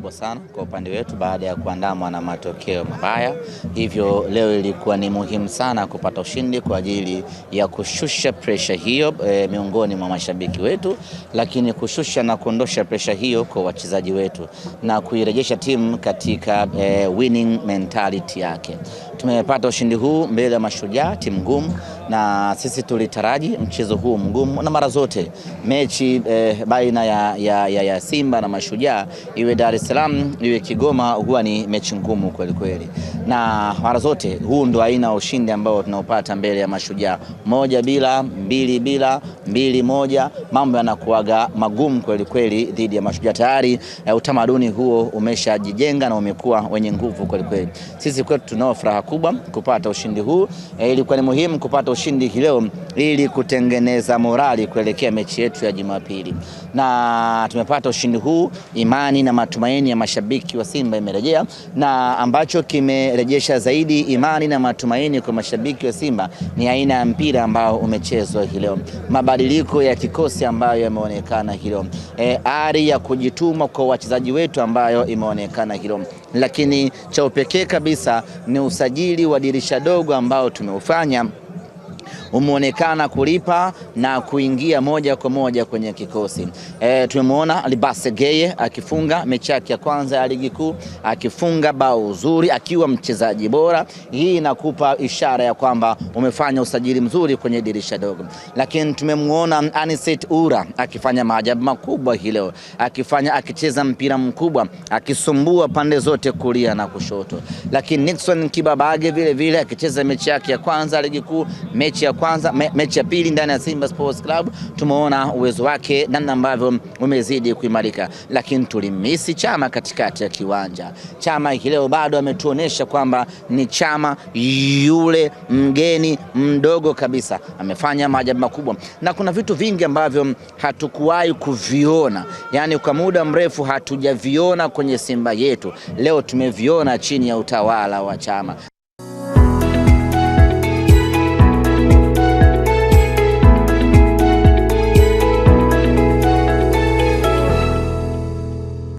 kubwa sana kwa upande wetu baada ya kuandamwa na matokeo mabaya, hivyo leo ilikuwa ni muhimu sana kupata ushindi kwa ajili ya kushusha presha hiyo e, miongoni mwa mashabiki wetu, lakini kushusha na kuondosha presha hiyo kwa wachezaji wetu na kuirejesha timu katika e, winning mentality yake. Tumepata ushindi huu mbele ya Mashujaa, timu ngumu na sisi tulitaraji mchezo huu mgumu, na mara zote mechi eh, baina ya, ya, ya, ya Simba na Mashujaa, iwe Dar es Salaam iwe Kigoma, huwa ni mechi ngumu kweli kweli, na mara zote huu ndo aina ya ushindi ambao tunaopata mbele ya Mashujaa, moja bila, mbili bila, mbili moja, mambo yanakuaga magumu kweli kweli dhidi ya Mashujaa. Tayari eh, utamaduni huo umeshajijenga na umekuwa wenye nguvu kweli kweli. Sisi kwetu tunao furaha kubwa kupata ushindi huu eh, ilikuwa ni muhimu kupata ushindi ushindi leo ili kutengeneza morali kuelekea mechi yetu ya Jumapili, na tumepata ushindi huu. Imani na matumaini ya mashabiki wa Simba imerejea, na ambacho kimerejesha zaidi imani na matumaini kwa mashabiki wa Simba ni aina ya mpira ambao umechezwa leo, mabadiliko ya kikosi ambayo yameonekana leo, e, ari ya kujituma kwa wachezaji wetu ambayo imeonekana leo, lakini cha upekee kabisa ni usajili wa dirisha dogo ambao tumeufanya umeonekana kulipa na kuingia moja kwa moja kwenye kikosi. E, tumemwona Libase Geye akifunga mechi yake ya kwanza ya ligi kuu akifunga bao zuri akiwa mchezaji bora. Hii inakupa ishara ya kwamba umefanya usajili mzuri kwenye dirisha dogo, lakini tumemwona Aniset Ura akifanya maajabu makubwa hii leo, akifanya akicheza mpira mkubwa akisumbua pande zote kulia na kushoto, lakini Nixon Kibabage vile vile akicheza mechi yake ya kwanza ligi kuu mechi ya kwanza me, mechi ya pili ndani ya Simba Sports Club tumeona uwezo wake namna ambavyo umezidi kuimarika, lakini tulimisi Chama katikati ya kiwanja. Chama hiki leo bado ametuonesha kwamba ni Chama yule mgeni mdogo kabisa, amefanya maajabu makubwa, na kuna vitu vingi ambavyo hatukuwahi kuviona, yani kwa muda mrefu hatujaviona kwenye Simba yetu, leo tumeviona chini ya utawala wa Chama.